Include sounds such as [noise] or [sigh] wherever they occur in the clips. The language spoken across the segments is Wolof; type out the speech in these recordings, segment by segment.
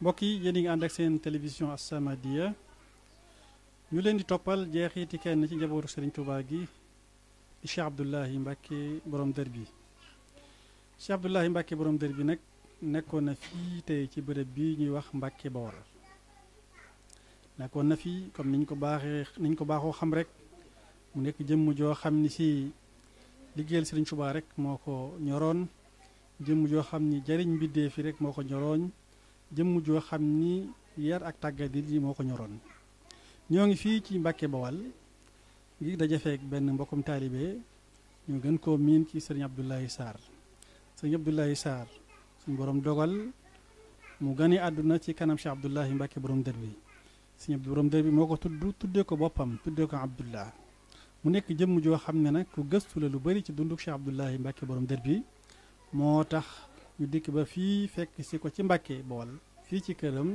mbokk yi yéen a ngi ànd ak seen télévision As-Samadiyya ñu leen di toppal jeexiti kenn ci njabootu Serigne Touba gi di Cheikh Abdoulahi Mbacke borom dër bi Cheikh Abdoulahi Mbacke borom dër bi nag nekkoon na fii tey ci bërëb bi ñuy wax Mbacke Bawol nekkoon na fii comme niñ ko baaxee niñ ko baaxoo xam rek mu nekk jëmm joo xam ni si liggéeyal Serigne Touba rek moo ko ñoroon jëmm joo xam ni jariñ mbindee fi rek moo ko ñoroon. jëmm joo xam ni yar ak tàggat yi moo ko ñoroon ñoo ngi fii ci Mbàkke Bawal ngir dajafeek benn mbokkum taalibe ñu gën koo miin ci sëriñ Abdoulaye Sarr sëriñ Abdoulaye Sarr suñu borom dogal mu gane àdduna ci kanam Cheikh Abdoulahi Mbàkke borom dër bi sëriñ Abdu borom dër bi moo ko tudd tuddee ko boppam tuddee ko Abdullah mu nekk jëmm joo xam ne nag ku gëstu la lu bari ci dunduk Cheikh Abdoulahi Mbàkke borom dër bi moo tax ñu dikk ba fii fekk si ko ci Mbàkke Bawal fii ci këram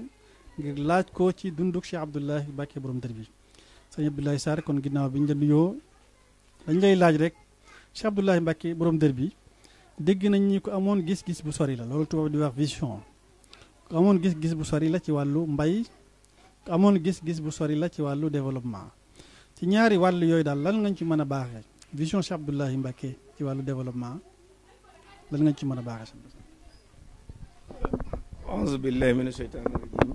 ngir laaj ko ci dunduk Cheikh Abdoulahi Mbacke borom dër bi sëñ Abdoulahi Sarr kon ginnaaw bi ñu la nuyoo dañ lay laaj rek Cheikh Abdoulahi Mbacke borom dër bi dégg nañ ni ko amoon gis-gis bu sori la loolu di wax vision amoon gis-gis bu sori la ci wàllu mbay ko amoon gis-gis bu sori la ci wàllu développement ci ñaari wàllu yooyu daal lan ngañ ci mën a baaxee vision Cheikh Abdoulahi Mbacke ci wàllu développement lan ngañ ci mën a baaxee aouzu billahi min asheytaan irajim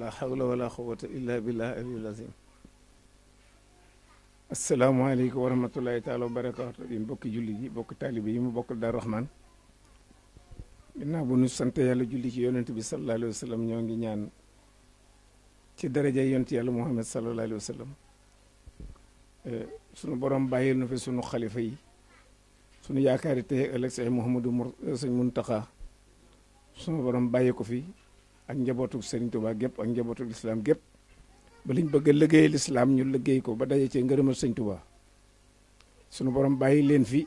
la hawla wala quwata illa billah aliyul azim asalaamaaleykum wa rahmatullahi taala wa barakatu yi mbokki julli ji bokk taalibe yi mu bokk Daaru Rahmaan ginnaaw bu nu sant yàlla julli ci yonent bi sallallahu alayhi wa sallam ñoo ngi ñaan ci daraja yonent yàlla Muhammad sallallahu alayhi wa sallam eh, sunu borom bàyyil nu fi sunu xalifa yi sunu yaakaari tey ëllëg say Muhammadu Mur sëñ Muntaxa sunu borom bàyyi ko fi ak njabootu Serigne Touba gépp ak njabootu lislaam gépp ba liñ bëgg a liggéey lislaam ñu liggéey ko ba daje cee ngërëmal Serigne Touba sunu borom bàyyi leen fi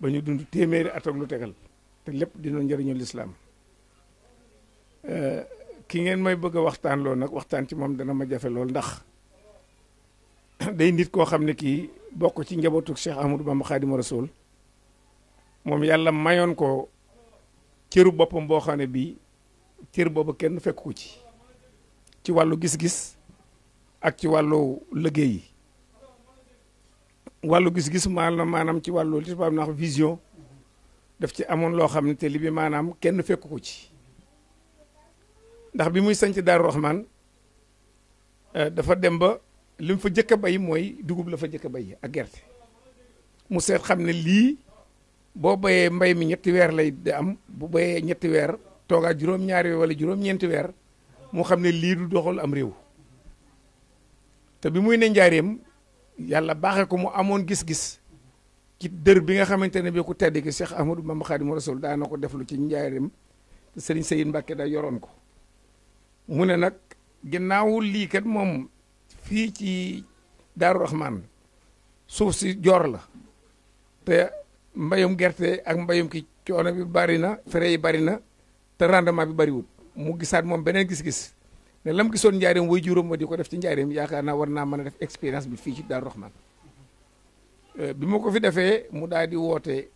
ba ñu dund téeméeri at ak lu tegal te lépp dina njëriñu lislaam euh, ki ngeen may bëgg a waxtaan lool nag waxtaan ci moom dana ma jafe lool ndax [coughs] day nit koo xam ne kii bokk ci njabootu Cheikh Ahmadou Bamba Khadimou Rassoul moom yàlla mayoon ko cëru boppam boo xam ne bii cër boobu kenn fekk ci ci wàllu gis-gis ak ci wàllu liggéey yi wàllu gis-gis maanaam maanaam ci wàllu li tubaab na wax vision daf ci amoon loo xam ne te li bi maanaam kenn fekk ci ndax bi muy sañc Daaru Rahman euh, dafa dem ba lim fa jëkk a bay mooy dugub la fa jëkk a bay ak gerte mu seet xam ne lii boo bayee mbay mi ñetti weer lay di am bu bayee ñetti weer toogaat juróom-ñaari wala juróom-ñeenti weer moo xam ne lii du doxal am réew te bi muy ne njaareem yàlla baaxe ko mu amoon gis-gis ci dër bi nga xamante ne bi ku tedd ki Cheikh Ahmadou Bamba moo Rasul daa na ko deflu ci njaareem te Serigne Seyid Mbacke da yoroon ko mu ne nag ginnaawu lii kat moom fii ci Daaru Rahman suuf si joor la te. mbayum gerte ak mbayum ki coono bi bari na frais yi bari na te rendement bi bariwul mu gisaat moom beneen gis-gis ne lam gisoon njaareem way juróom ma di ko def ci njaareem yaakaar naa war naa mën a def expérience bi fii ci Daaru Rahman euh, bi ma ko fi defee mu daal di woote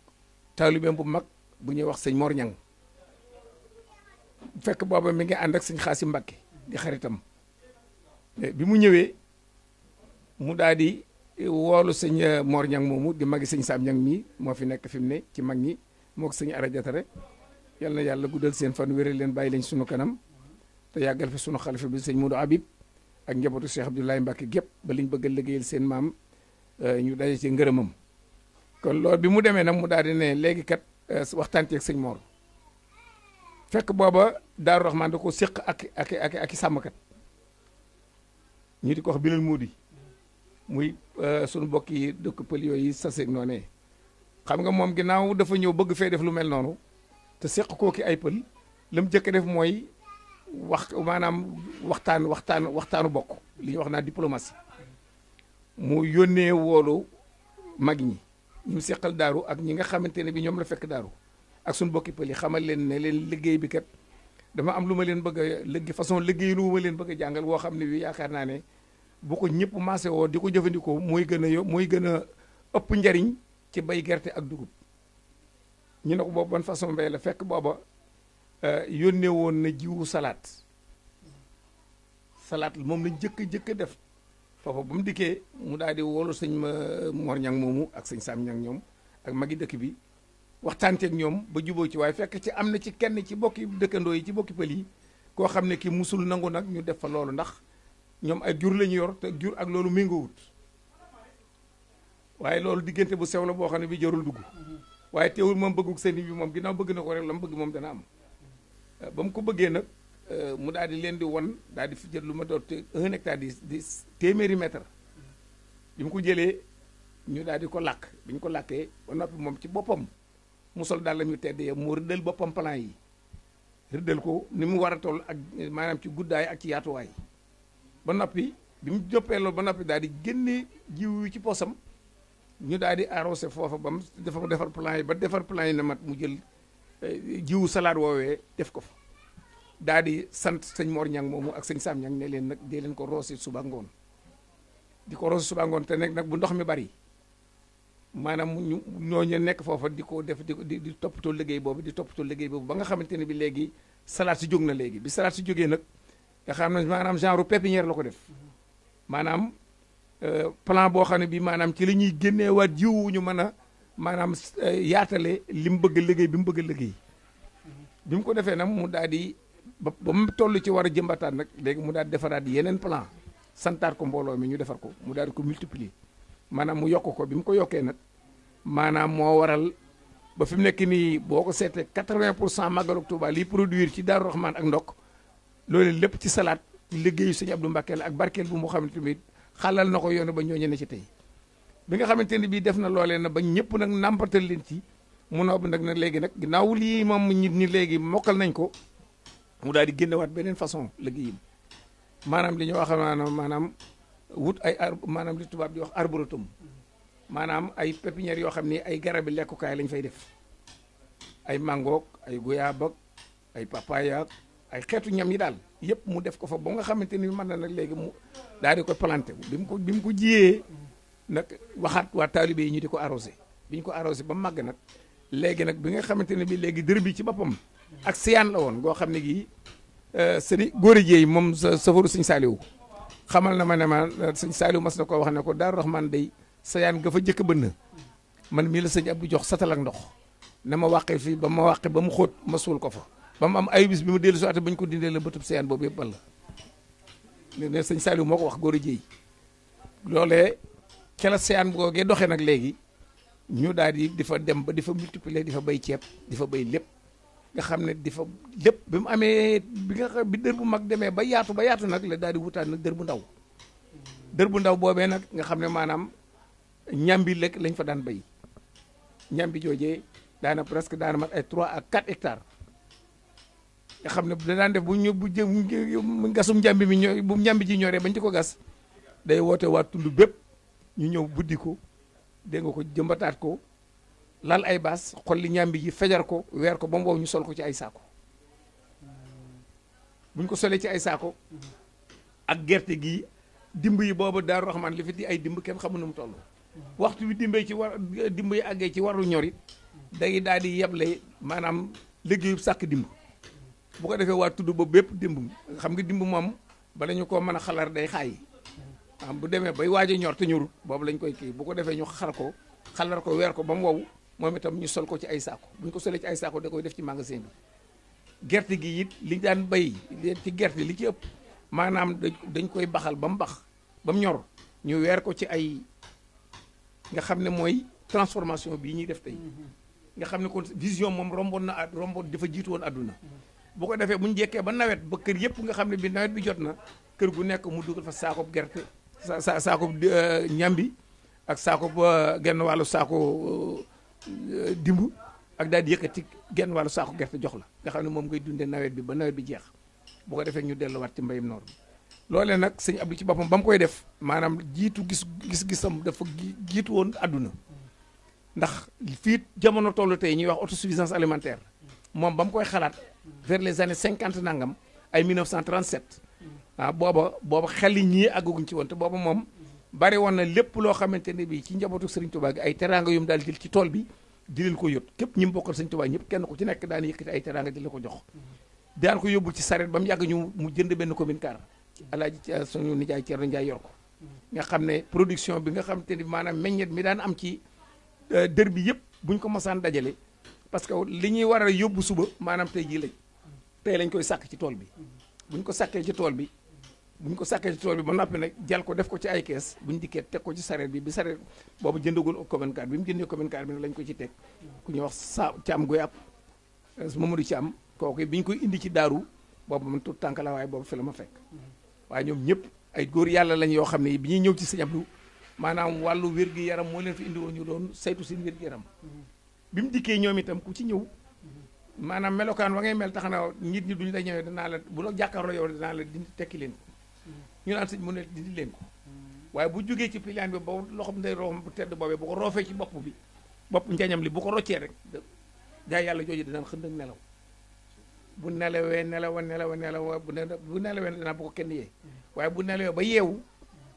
taalibeem bu mag bu ñuy wax sëñ Mor Ñang fekk booba mi ngi ànd ak sëñ Xaasi Mbàkke di xaritam euh, bi mu ñëwee mu daal di woolu sëñ euh, Mor Ñang moomu di mag sëñ Saam ñaŋ mii moo fi nekk fi mu ne ci mag ñi moo ko sëñ arajatare yal na yàlla guddal seen fan wéral leen bàyyi leen sunu kanam te yàggal fi sunu xalifa bi sëñ Modou Habib ak njabootu Cheikh Abdoulaye Mbacke gépp ba liñ bëgg a liggéeyal seen maam euh, ñu daje ci ngërëmam kon loolu bi mu demee nag mu daal di ne léegi kat euh, waxtaan ceeg sëñ Mor fekk booba Daaru Raxmaan da ko séq ak ak ak ak sàmmkat ñu di ko wax bilal Moodi muy euh, sunu mbokk yi dëkk pël yooyu saseeg noonee xam nga moom ginnaaw dafa ñëw bëgg fee def lu mel noonu te seq kooki ay pël la mu jëkk def mooy wax maanaam waxtaan waxtaan waxtaanu bokk li ñuy wax naa diplomatie mu yónnee woolu mag ñi ñu seqal daaru ak ñi nga xamante ne bi ñoom la fekk daaru ak suñu bokki pël yi xamal leen ne leen liggéey bi kat dama am lu ma leen bëgg a liggéey façon liggéey lu ma leen bëgg a jàngal woo xam ne bi yaakaar naa ne bu ko ñëpp maase woo di ko jëfandikoo mooy gën a yo mooy gën a ëpp njariñ ci bay gerte ak dugub ñu ne ko boobu ban façon mbay la fekk booba euh, yónnee woon na jiwu salaat salaat moom lañ jëkk jëkk def foofa ba mu dikkee mu daal di woolu sëñ ma euh, Mor Ñang moomu ak sëñ Saam Ñang ñoom ak magi dëkk bi waxtaanteeg ñoom ba juboo ci waaye fekk ci am na ci kenn ci bokki dëkkandoo yi ci bokki pël yi koo xam ne ki musul nangu nag ñu def fa loolu ndax ñoom ay jur la ñu yor te jur ak loolu méngoowut waaye loolu diggante bu sew la boo xam ne bi jarul dugg waaye teewul moom bëggug sëriñ bi moom ginnaaw bëgg na ko rek la mu bëgg moom dana am euh, ba mu ko bëggee nag euh, mu daal di leen di won daal di fi jël lu ma doon te di di téeméeri mètre bi ko jëlee ñu daal di ko làkk bi ñu ko làkkee ba noppi moom ci boppam mu sol daal la ñu tedd mu rëddal boppam plan yi rëddal ko ni mu war a toll ak maanaam ci guddaay ak ci yaatuwaay ba noppi bi mu joppee loolu ba noppi daal di génnee jiw yi ci posam ñu daal di arrosé foofa bam mu dafa defar plan yi ba defar plan yi na mat mu jël eh, jiwu salaat woowee def ko fa daal di sant sañ moor Ñang moomu ak sëñ Saam Ñang ne leen nag dee leen ko roose suba ngoon di ko roose suba ngoon te nekk nag bu ndox mi bari maanaam ñu ñooñu nekk foofa di ko def di di di toppatoo liggéey boobu di toppatoo liggéey boobu ba nga xamante ne bi léegi salaat si jóg na léegi bi salade si jógee nag. nga xam ne maanaam genre pépinière la ko def maanaam euh, plan boo xam ne bii maanaam ci la ñuy génnee génneewaat jiwu ñu mën a maanaam euh, yaatale li mu bëgg a liggéey bi mu bëgg a bi mu ko defee nag mu daal di ba ba mu toll ci war a jëmbataat nag léegi mu daal di defaraat yeneen plan santaat ko mbooloo mi ñu defar ko mu daal di ko multiplier maanaam mu yokk ko bi mu ko yokkee nag maanaam moo waral ba fi mu nekk nii boo ko seetee quatre-vingt pour cent màggalu Tuuba liy produire ci Daaru Raxmaan ak ndokk loolu lépp ci salaat liggéeyu sëñ Abdou Mbacké la ak barkeel bu mu xam ne tamit xalal na ko yoon ba ñoo ne ci tey bi nga xamante ne bii def na loolee na ba ñëpp nag nàmpatal leen ci mu noob nag nag léegi nag ginnaaw lii moom nit ñi léegi mokkal nañ ko mu daal di génnewaat beneen façon liggéeyam maanaam li ñu wax maanaam maanaam wut ay ar maanaam li tubaab di wax arboretum maanaam ay pépinière yoo xam ni ay garabi lekkukaay lañ fay def ay mangoog ay guyaab ay papayaak ay xeetu ñam yi daal yëpp mu def ko fa ba nga xamante ni man na nag léegi mu daa di ko palante bi mu ko bi mu ko jiyee nag waxaat waa taalibe yi ñu di ko arrosé bi ñu ko arrosé ba mu màgg nag léegi nag bi nga xamante ne bi léegi dër bi ci boppam ak siyaan la woon goo xam ne gii euh, sëriñ góor yi moom sa safaru sëñ Saaliw xamal na ma ne ma euh, sëñ Saaliw mas na ko wax ne ko Daaru man day sayaan nga fa jëkk bënn man mii la sëñ Abdou jox satal ak ndox na ma wàqe fii ba ma wàqe ba mu xóot ma suul ko fa ba mu am ayu bis bi mu dellu si waate ba ñu ko dindee la bëtub seen boobu yëpp bal la ne sëñ Saliou moo ko wax góor a jéy loolee ca la seen googee doxee nag léegi ñu daal di di fa dem ba di fa multiplier di fa bay ceeb di fa bay lépp nga xam ne di fa lépp bi mu amee bi nga xam bi dër bu mag demee ba yaatu ba yaatu nag la daal di wutaat nag dër bu ndaw dër bu ndaw boobee nag nga xam ne maanaam bi lekk lañ fa daan bay ñambi joojee daana presque daana mat ay 3 ak 4 hectares nga xam ne danaan def bu ñu bu jë gasum njàmbi mi ño bu njàmbi ji ñoree bañ ci ko gas day woote waa tund bépp ñu ñëw buddi ko dégg nga ko jëmbataat ko lal ay baas xol li ñàmbi ji fejar ko weer ko ba mu wow ñu sol ko ci ay saako buñ ko solee ci ay saako ak gerte gi dimb yi boobu Daaru Raxmaan li fi di ay dimb kem xamu nu mu toll waxtu bi dimbee ci war dimb yi àggee ci waru ñorit day daal di yeble maanaam liggéeyu sàkk dimb bu ko defee waa tudd ba bépp dimb xam nga dimb moom bala ñu koo mën a xalar day xaay am bu demee bay waaj a ñor te ñorut boobu lañ koy kii bu ko defee ñu xar ko xalar ko weer ko ba mu wow moom itam ñu sol ko ci ay saako bu ñu ko solee ci ay saako da koy def ci magasin bi gerte gi it li daan bay ci gerte li ci ëpp maanaam dañ koy baxal ba mu bax ba mu ñor ñu weer ko ci ay nga xam ne mooy transformation bii ñuy def tey nga xam ne kon vision moom romboon na romboon dafa jiitu woon bu ko defee bu ñu jekkee ba nawet ba kër yëpp nga xam ne bi nawet bi jot na kër gu nekk mu dugal fa saako saakoob gerte sa sa saakoob euh, ñambi ak saako bu euh, genn wàllu saako euh, dimb ak daal di yëkkati genn wàllu saako gerte jox la nga xam ne moom ngay dundee nawet bi ba nawet bi jeex bu ko defee ñu delluwaat ci mbayum noor bi loolee nag sëñ Abdou ci boppam ba mu koy def maanaam jiitu gis gis-gisam dafa jiitu woon àdduna ndax fii jamono tollu tey ñuy wax autosuffisance alimentaire moom ba koy xalaat vers les années cinquante nangam ay 1937 waaw ah, booba booba xel yi ñii àggaguñ ci woon te booba moom bari woon na lépp loo xamante ne bii ci njabootu Serigne Touba gi ay teraanga yu mu daal jël ci tool bi di leen ko yót képp ñi mu bokkal Serigne Touba ñëpp ku ci nekk daan yëkkati ay teraanga ba mu ñu mu jënd benn commune car alaaji suñu nijaay Thierno Ndiaye yor ko nga xam ne production bi nga xam te ni maanaam meññet mi daan am ci euh, dër bi yëpp buñ ko mosaan dajale parce que li ñuy war a yóbbu suba maanaam tey jii lañ tey lañ koy sàkk ci tool bi bu buñ ko sàkkee ci tool bi buñ ko sàkkee ci tool bi ba noppi nag jal ko def ko ci ay kees buñ dikkee teg ko ci sareet bi bi sareet boobu jëndagul commune 4 bi mu jëndee commune 4 bi nag lañ ko ci teg ku ñuy wax sa Thiam Goyap euh, Mamadou Thiam kooku bi ñu koy indi ci daaru boobu man tout tànk la waaye boobu fi la ma fekk waaye ñoom ñëpp ay góor yàlla lañ yoo xam ne bi ñuy ñëw ci sëñ maanaam wàllu wér yaram moo leen fi ñu doon saytu seen wér bi mu dikkee ñoom itam ku ci ñëw maanaam melokaan wa ngay mel tax na nit ñi duñu la ñëwee danaa la bu la jàkkaarloo yow danaa la dindi tekki leen ko ñu naan sëñ mu ne dindi leen ko waaye bu jógee ci pilaan bi ba day room tedd boobee bu ko roofee ci bopp bi bopp njañam li bu ko roccee rek gaa yàlla jooju danaan xënd ak nelaw bu nelawee nelawa nelawa nelawa bu nelawee danaa bu ko kenn yee bu nelawee ba yeewu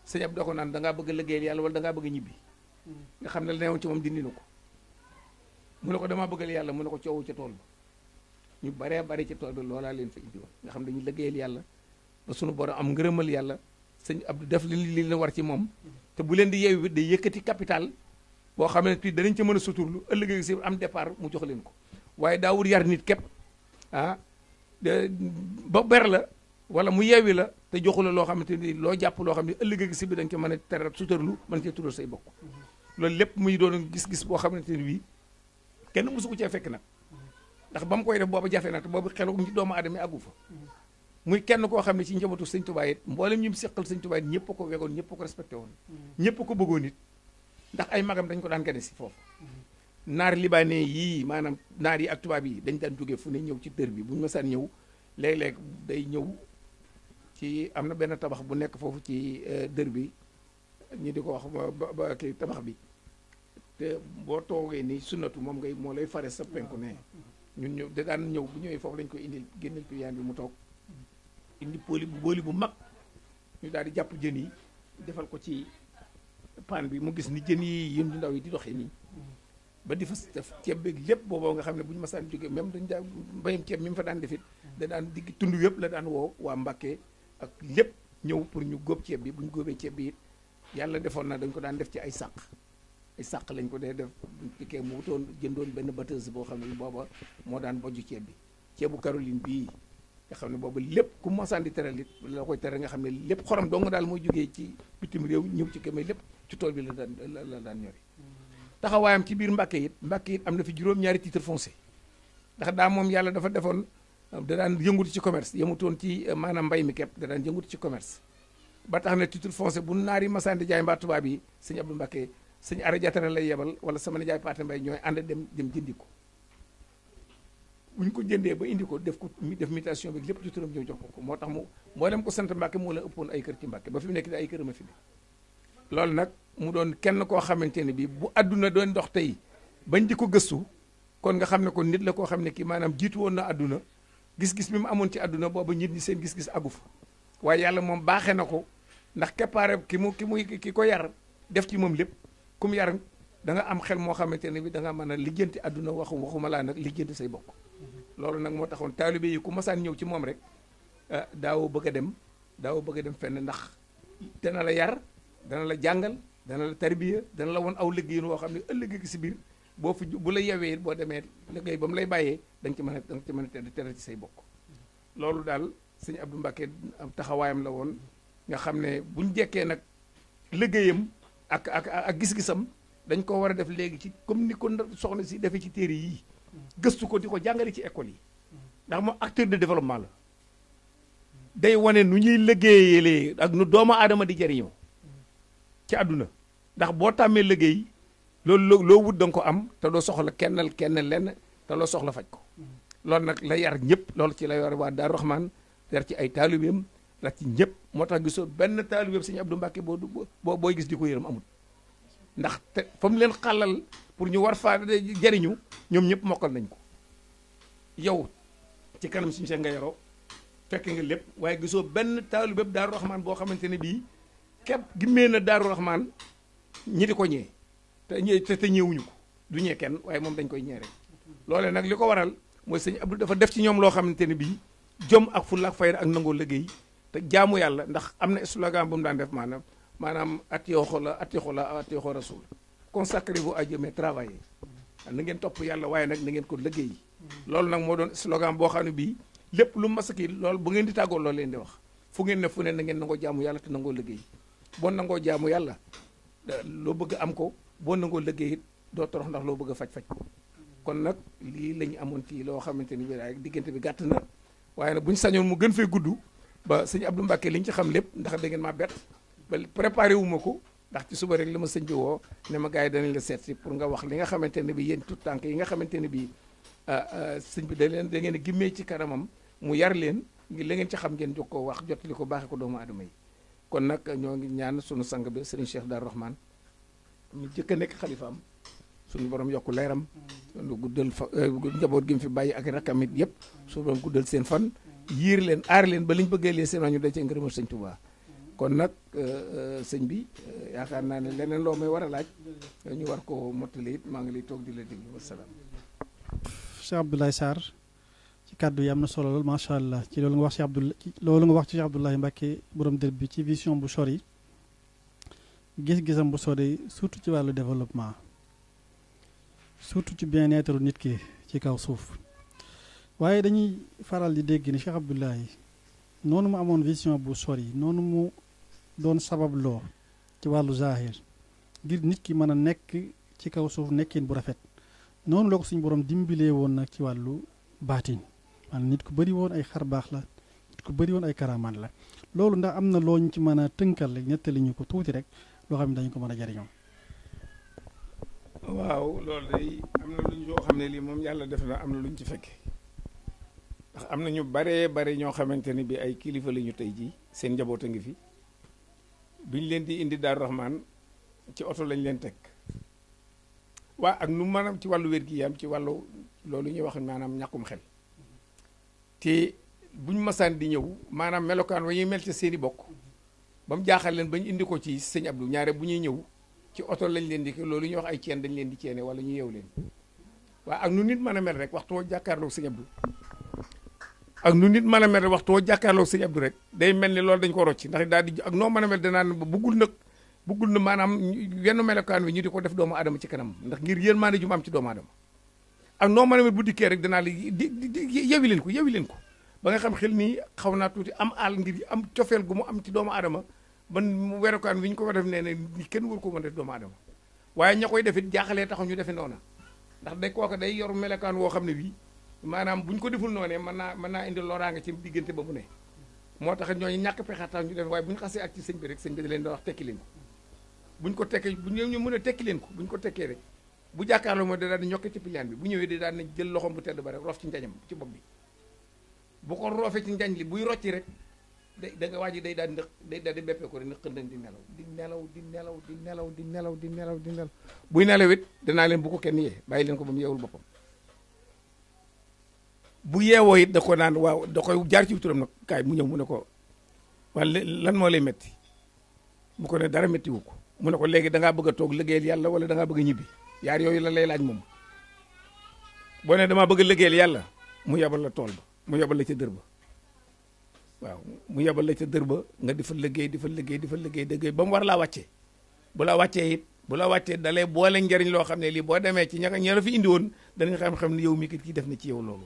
sëñ ab da ko naan da ngaa bëgg a yàlla wala da bëgg a ñibbi nga xam ne la ci moom dindi na ko mu ne ko damaa bëggal yàlla mu ne ko coowu ca tool ba ñu baree bari ca tool bi loolaa leen fa indi woon nga xam dañu liggéeyal yàlla ba sunu borom am ngërëmal yàlla sëñ ab def li li leen war ci moom te bu leen di yeew bi day yëkkati capital boo xam ne ti danañ ca mën a suturlu ëllëgee si am départ mu jox leen ko waaye daawul yar nit képp ah ba ber la wala mu yeewi la te joxu la loo xamante ni loo jàpp loo xam ne ëllëgee si bi dañ ca mën a terat suturlu mën cee tural say bokk loolu lépp muy doon gis-gis boo xamante ni bii kenn mësu ko cee fekk nag ndax ba mu koy def boobu jafe na te boobu xelu ñu doomu aadama àggu fa muy kenn koo xam ne ci njabootu sëñ Tuubaa it mboolem mu seqal sëñ Tuubaa it ñëpp ko wegoon ñëpp ko respecté woon ñëpp ko bëggoon it ndax ay magam dañ ko daan gane si foofu naar libanais yii maanaam naar yi ak tubaab yi dañ daan jógee fu ne ñëw ci dër bi buñu ma saan ñëw léeg-léeg day ñëw ci am na benn tabax bu nekk foofu ci euh, dër bi ñu di ko wax ba ba kii tabax bi te boo toogee ni sunnatu moom ngay moo lay fare sa penku ne ñun ñëw da daan ñëw bu ñëwee foofu lañ koy indi génneel ko yaan bi mu toog indi booli bu booli bu mag ñu daal di jàpp jën yi defal ko ci paan bi mu gis ni jën yi yën du ndaw yi di doxee nii ba di fa def ceeb beeg lépp booboo nga xam ne buñ ñu masaan jógee même dañ daan mbayam ceeb mi mu fa daan defit da daan digg tund yëpp la daan wow waa Mbàkke ak lépp ñëw pour ñu góob ceeb bi buñ ñu ceeb bi yàlla defoon na dañ ko daan def ci ay sàq ay sàq lañ ko dee def buñ piqué mu wutoon jëndoon benn batteuse boo xam ne booba moo daan bojju ceeb bi ceebu Caroline bii nga xam ne booba lépp ku mosaan di teral it la koy teral nga xam ne lépp xorom dong daal mooy jógee ci bitim réew ñëw ci Kébémer lépp ci tool bi la daan la daan ñori taxawaayam ci biir Mbàkke it Mbàkke yi am na fi juróom-ñaari titre foncé ndax daa moom yàlla dafa defoon da daan yëngutu ci commerce yemutoon ci eh, maanaam mbay mi képp da daan yëngutu ci commerce ba tax na titre foncier bu naari masaan di jaay mbaa tubaab yi sëñ Abdou Mbàkke sëñ Ara Jatara lay yebal wala sama jaay Paate Mbay ñooy ànd dem dem jëndi ko bu ñu ko jëndee ba indi ko def ko def mutation bi lépp ci turam ñëw jox ko ko moo tax mu moo dem ko sant Mbàkke moo la ëppoon ay kër ci Mbàkke ba fi mu nekk di ay kër ma fi loolu nag mu doon kenn koo xamante ne bi bu adduna doon ndox tey bañ di ko gëstu kon nga xam ne kon nit la koo xam ne kii maanaam jiitu woon na adduna gis-gis mi mu amoon ci adduna booba nit ñi seen gis-gis agu fa waaye yàlla moom baaxee na ko ndax keppaare ki mu ki muy ki ko yar def ci moom lépp kum yaram danga am xel moo xamante ne bi da nga mën a lijjanti àdduna waxu waxuma laa nag lijjanti say bokk loolu nag moo taxoon taalibe yi ku masaan ñëw ci moom rek ah, daawoo bëgg a dem daaw bëgg a dem fenn ndax dana la yar dana la jàngal dana la tarbiya dana la woon aw liggéeyin woo xam ne ëllëg gi si biir boo fi bu la yewee boo demee liggéey ba mu lay bàyyee da ci mën a da nga ci mën a tedd tedd ci say bokk loolu daal sëñ Abdou Mbacké taxawaayam la woon nga xam ne buñ jekkee nag liggéeyam ak ak ak gis-gisam dañ ko war a def léegi ci comme ni ko soxna si defee ci téere yii gëstu ko di ko jàngale ci école yi ndax moom acteur de développement la day wane nu ñuy liggéeyalee ak nu doomu aadama di jariñoo ci àdduna ndax boo tàmmee liggéey loolu loo wut da ko am te doo soxla kennal kenn lenn te loo soxla faj ko loolu nag la yar ñëpp loolu ci la yar waa Daaru Raxmaan yar ci ay taalibeem yar ci ñëpp moo tax gisoo benn taalibe sëñ Abdou Mbacke boo boo booy gis di ko yërëm amul ndax te fa mu leen xàllal pour ñu war faa jariñu ñoom ñëpp mokkal nañ ko yow ci kanam suñu seen nga yoroo fekke nga lépp waaye gisoo benn taalibe Daaru Rahman boo xamante ne bii képp gimmee na Daaru Rahman ñi di ko ñee te ñee te ñeewuñu ko du ñee kenn waaye moom dañ koy ñee rek loolee nag li ko waral mooy sëñ Abdou dafa def ci ñoom loo xamante ne bii jom ak fulla ak fayda ak nangoo liggéey te jaamu yàlla ndax am na slogan bu mu daan def maanaam maanaam at yoo xoola at yoo xoola at yoo xoola rasul consacrez bu à Dieu mais travaillez na ngeen topp yàlla waaye nag na ngeen ko liggéey loolu nag moo doon slogan boo xam ne bii lépp lu masaki loolu bu ngeen di tàggoo loolu leen di wax fu ngeen ne fu ne na ngeen nangoo jaamu yàlla te nangoo liggéey boo nangoo jaamu yàlla loo bëgg am ko boo nangoo liggéey doo torox ndax loo bëgg a faj-faj ko kon nag lii la amoon ci loo xamante ni bi diggante bi gàtt na waaye nag bu ñu sañoon mu gën fee gudd ba sëñ Abdou Mbacke li ñu ci xam lépp ndax da ngeen maa bett ba préparé ko ndax ci suba rek la ma sëñ bi woo ne ma gars yi danañ la seet si pour nga wax li nga xamante ne bi yéen tout tànk yi nga xamante ne bii ah, ah, sëñ bi da leen da ngeen a gimmee ci kanamam mu yar leen ngir la ngeen ci xam ngeen jox ko wax jot li ko baaxee ko doomu aadama yi kon nag ñoo ngi ñaan sunu sang bi sëriñ Cheikh Dar Rahman mu jëkk a nekk xalifaam suñu borom yokku leeram lu guddal fa eh, njaboot gi mu fi bàyyi ak rakamit yëpp suñu guddal seen fan yiir leen aar leen ba liñ bëggee lee seen ñu dee ci ngërëmal sëñ Touba kon nag euh, euh, sëñ bi euh, yaakaar naa ne leneen loo may war a laaj ñu war ko mottali maa ngi lay toog di la déglu wasalaam Cheikh Abdoulaye ci kàddu yi am na solo lool macha ci loolu nga wax ci Abdoulaye loolu wax ci Cheikh Abdoulaye Mbacke borom dër bi ci vision bu sori gis-gisam bu sori surtout ci wàllu développement surtout ci bien-être nit ki ci kaw suuf waaye dañuy faral di dégg ni Cheikh Abdoulahi noonu mu amoon vision bu sori noonu mu doon sabab loo ci wàllu zahir ngir nit ki mën a nekk ci kaw suuf nekkin bu rafet noonu la suñu borom dimbilee woon nag ci wàllu baatin maanaam nit ku bari woon ay xar baax la nit ku bëri woon ay karaamaan la loolu ndax am na loo ñu ci mën a tënkal ñettali ñu ko tuuti rek loo xam ne dañu ko mën a jariñoo xam ne moom yàlla def na lu ñu ci fekke am na ñu bare bare ñoo xamante ni bi ay kilifa lañu ñu tey jii seen njaboot a ngi fi duñ leen di indi Daaru Rahman ci oto lañ leen teg waa ak nu maanaam ci wàllu wér-gi-yaram ci wàllu loolu ñuy wax maanaam ñàkkum xel te buñ masaan di ñëw maanaam melokaan wa ñuy mel seen i bokk ba jaaxal leen ba indi ko ci sëñ ñaare bu ñuy ñëw ci oto lañ leen di loolu ñuy wax ay ceen dañ leen di ceene wala ñu yeew leen waa ak nu nit mel rek waxtu woo jàkkaarloo ak nu nit mën a mel waxtu woo jàkkaarloo sëñ Abdou rek day mel ni loolu dañ ko rocci ndax daal di ak noo mën a mel danaan bëggul nag bëggul na maanaam wenn melokaan wi ñu di ko def doomu aadama ci kanam ndax ngir yërmaande ju mu am ci doomu aadama ak noo mën a mel bu dikkee rek danaa la di yewi leen ko yewi leen ko ba nga xam xel nii xaw naa tuuti am aal ngir am cofeel gu mu am ci doomu aadama ban werokaan wi ñu ko war def nee ne kenn war ko mën def doomu aadama waaye ña koy defit jaaxalee taxu ñu defe noona ndax day kooka day yor melokaan woo xam ne bii maanaam bu ñu ko deful noonee mën naa mën naa indi loraange ci diggante ba mu ne moo tax ñooñu ñàkk pexe tax ñu def waaye bu ñu xasee ak ci sëñ bi rek sëñ bi da leen doon wax tekki leen ko bu ñu ko tekkee mën a tekki leen ko bu ñu ko tekkee rek bu jàkkaarloo mooy da daan di ñokke bi bu ñëwee da daan na jël loxoom bu tedd ba rek rof ci bi bu ko roofee ci njañ li buy rocci rek day da nga waa ji day daal day daal di ko rek ndax xëndañ di nelaw di nelaw di nelaw di nelaw di nelaw di nelaw di buy nelawit danaa leen bu ko kenn yee bàyyi leen ko ba mu yeewul boppam bu yeewoo it da ko naan waaw da koy jaar ci turam nag kaay mu ñëw mu ne ko wala lan moo lay metti mu ko ne dara métti ko mu ne ko léegi dangaa bëgg a toog liggéeyal yàlla wala da ngaa bëgg a ñibbi yaar yooyu la lay laaj moom boo ne damaa bëgg a liggéeyal yàlla mu yabal la tool ba mu yabal la ca dër ba waaw mu yabal la ca dër ba nga di fa liggéey di fa liggéey di fa liggéey dëggéey ba mu war laa wàccee bu la wàccee it bu la wàccee dalay boole njariñ loo xam ne lii boo demee ci ña ña la fi indi woon danañ xam-xam ne yow mi kit ki def na ci yow loolu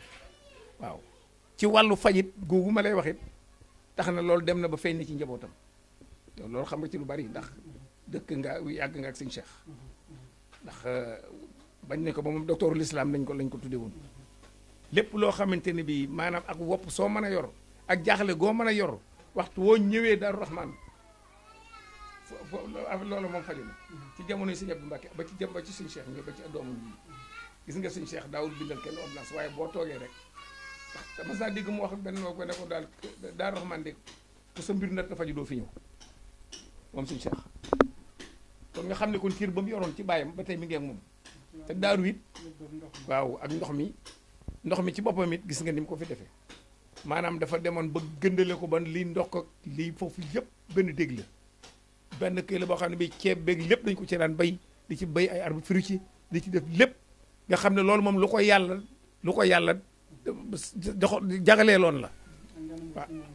waaw ci wàllu fajit googu ma lay waxit tax na loolu dem na ba feeñ na ci njabootam loolu xam nga ci lu bari ndax dëkk nga yàgg nga ak sëñ Cheikh ndax euh, bañ ne ko ba moom docteur l'islam lañ ko lañ ko tuddee woon lépp loo xamante ne bii maanaam ak wopp soo mën a yor ak jaaxle goo mën a yor waxtu woo ñëwee Daaru Rahman loolu moom faju na ci jamono sëñ Abdou Mbacke ba ci jëm ba ci sëñ Cheikh ñëw ba ci doomu gis nga sëñ Cheikh daawul bindal kenn ordonnance waaye boo toogee rek. dama saa dégg mu wax benn noo ko ne daal daal raxmaan de ku sa mbir nat dafa ju doo fi ñëw moom suñu seex kon nga xam ne kon tiir ba mu yoroon ci bàyyam ba tey mi ngeen moom te daaru it waaw ak ndox mi ndox mi ci boppam it gis nga ni mu ko fi defee maanaam dafa demoon ba gëndale ko ban lii ndox ko liy foofu yëpp benn dégg la benn këy boo xam ne bi ceeb beeg lépp dañ ko ci daan bay di ci bay ay arbre ci di ci def lépp nga xam ne loolu moom lu ko yàlla lu ko yàlla joxo loon la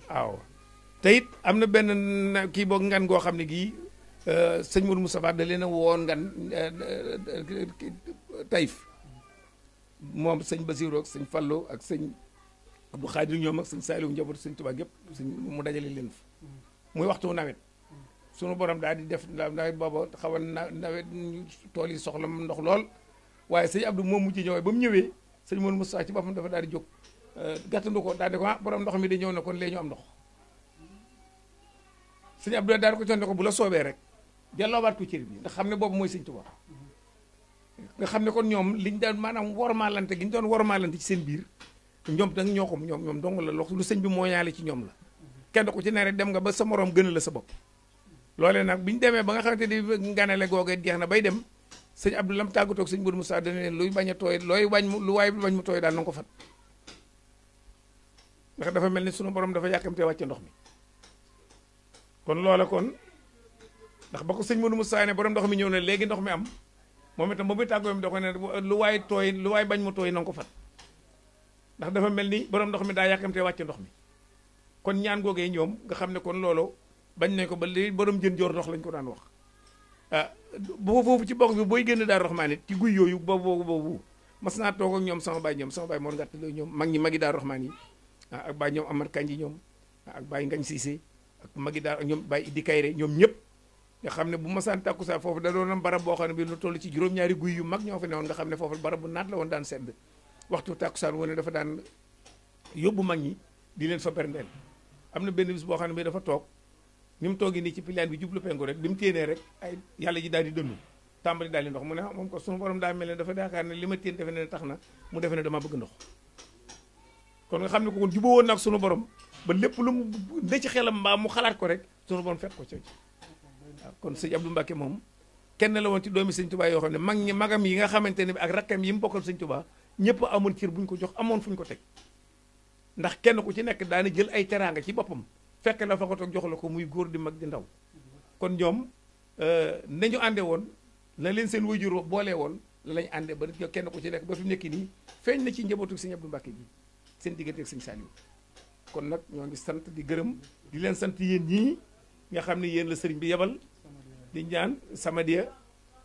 waaw te am na benn kii boog ngan goo xam ne gii euh, sëñ Mourou Moustapha da leen woon ngan euh, euh, tayif moom sëñ Basirou ak sëñ Fallou ak sëñ Abdou Khadir ñoom ak sëñ Saliou njabootu sëñ Tuubaa yëpp sëñ mu dajale leen fa muy waxtu nawet sunu borom daal di def nawet booba xaw a nawet tool yi soxla ndox lool waaye sëñ Abdou moom mujj ñëwee ba mu ñëwee sëñ Mor Moussa ci boppam dafa daal di jóg euh, gàttandu ko daal di ko ah borom ndox mi di ñëw na kon léegi ñu am ndox sëñ Abdoulaye daal di ko bu la soobee rek delloowaat ko cër bi ndax xam ne boobu mooy sëñ Tuubaa nga xam ne kon ñoom liñ daan maanaam wormaalante gi ñu doon wormaalante ci seen biir ñoom dang ñoo ko ñoom ñoom dong la lox lu sëñ bi moo ñaale ci ñoom la kenn ku ci ne rek dem nga ba sa moroom gën la sa bopp loole nag bi ñu demee ba nga xamante ni ganale googe jeex na bay dem sëñ Abdou Lam tàggatoo ak sëñ mu Moussa dana luy bañ a tooy looy wañ mu lu waay bañ mu tooy daal na ko fat ndax dafa mel ni sunu borom dafa yàkkamtee wàcce ndox mi kon loola ndax ba ko sëñ Bourou Moussa ne borom ndox mi ñëw na léegi ndox mi am moom itam ba muy tàggoo mi da ko lu waay tooy lu waay bañ mu tooy ko fat ndax dafa mel ni borom ndox mi daa yàkkamtee wàcce ndox mi kon ñaan googee ñoom nga xam ne kon loolu bañ nañ ko ba li borom jën joor ndox lañ ko daan wax. Ah, boo foofu ci box bi booy génn daal Rahmaan it ci guy yooyu boobu boobu boobu mas naa toog ak ñoom sama baay ñoom sama baay moon ngàtt ñoom mag ñi magi daal Rahmaan yi ah, ak baay ñoom Amar Kanji ñoom ah, ak baay Ngañ Siise ak magi daal ak ñoom baay Idi Kayre ñoom ñëpp nga xam ne bu masaan tàkku saa foofu da doon am boo xam ne bi lu toll ci juróom-ñaari guy yu mag ñoo fa newoon nga xam ne foofu barab bu naat la woon daan sedd waxtu tàkkusaan woon dafa daan yóbbu mag ñi di leen fa berndeel am na benn boo xam ne bi dafa toog ni mu toogee nii ci pilaan bi jublu penku rek bi mu téenee rek ay yàlla ji daal di dënnu tàmbali daal di ndox mu ne moom ko sunu borom daa mel ne dafa yaakaar ne li ma téen defe ne tax na mu defe ne dama bëgg ndox kon nga xam ne ko kon jubóo woon nag sunu borom ba lépp lu mu ne ci xelam mbaa mu xalaat ko rek sunu borom fekk ko ci waaw kon sëñ Abdou Mbacke moom kenn la woon ci doomi sëñ Touba yoo xam ne mag ñi magam yi nga xamante ne bi ak rakkam yi mu bokkal sëñ Touba ñëpp amoon cër buñ ko jox amoon fuñ ko teg ndax kenn ku ci nekk daana jël ay teraanga ci boppam fekk la fa ko toog jox la ko muy góor di mag di ndaw kon ñoom euh, nañu àndee woon na leen seen wayjur boolee woon la lañ àndee ba kenn ku ci nekk ba fi mu nekk nii feeñ na ci njabootu sëñ Abdou Mbàkke gi seen diggante ak sëñ kon nag ñoo ngi sant di gërëm di leen sant yéen ñii nga xam ne yéen la sëriñ bi yebal di ñaan samadiya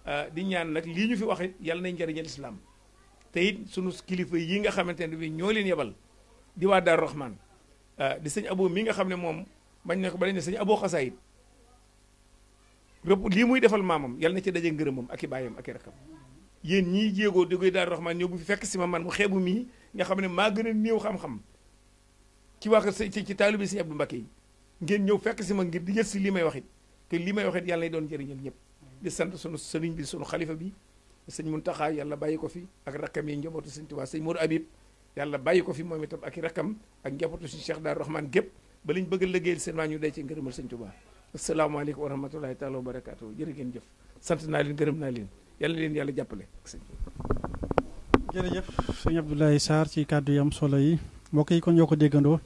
euh, di ñaan nag lii ñu fi wax it yàlla nañ njëriñal islam te it sunu kilifa yi nga xamante ne bi ñoo leen yebal di waa Daaru Rahman Ah, di sëñ abo mi nga xam ne moom bañ ne ko ba dañ ne sëñ abo xasaayit rëbb lii muy defal maamam yal na ci daje ngërëmam ak i bàyyam ak i rakam yéen ñii jéegoo di koy daal raxmaan ñëw fi fekk si ma man mu xeebu mii nga xam ne maa gën a néew xam-xam ci waa ci taalibe sëñ Abdou Mbacké yi ngeen ñëw fekk si ma ngir di jël si lii may wax te lii may wax it doon njëriñal ñëpp di sant sunu sëriñ bi sunu xalifa bi sëñ Muntaxa yàlla bàyyi ko fi ak rakam yi njabootu sëñ Tuubaa sëñ Moodu Abib yàlla bàyyi ko fi moom itam ak i rakam ak njabootu si Cheikh Daaru Rahman gépp ba liñ bëgg a liggéeyal seen maa ñu day ci ngërëmal sëñ Tuubaa asalaamaaleykum wa rahmatulahi taala wa barakaatu jërë ngeen jëf sant naa leen gërëm naa leen yàlla leen yàlla jàppale jërëjëf sëñ Abdoulaye Sarr ci kàddu yi am solo yi mbokk yi kon yoo ko déggandoo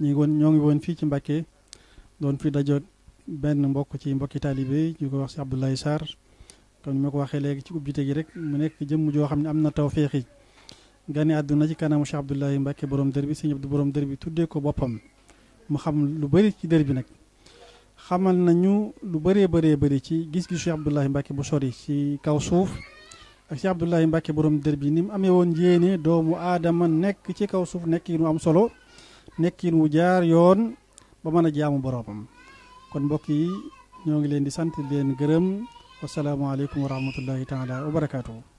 ñu ngi woon ñoo ngi woon fii ci Mbàkke doon fi dajoot benn mbokk ci mbokki taalibe ñu ko wax si Abdoulaye Sarr comme ni ma ko waxee léegi ci ubbite gi rek mu nekk jëmm joo xam ne am na tawféex yi gane àdduna ci kanamu Cheikh Abdoulaye Mbacke borom dër bi sëñ Abdou borom dër bi tuddee ko boppam mu xam lu bari ci dër bi nag xamal nañu lu bëree bëree bari ci gis-gisu Cheikh Abdoulaye Mbacke bu sori ci kaw suuf ak Cheikh Abdoulaye Mbacke borom dër bi ni mu amee woon yéene doomu aadama nekk ci kaw suuf nekkin wu am solo nekkin wu jaar yoon ba mën a jaamu boromam kon mbokk yi ñoo ngi leen di sant leen gërëm wasalaamaaleykum wa rahmatullahi taala wa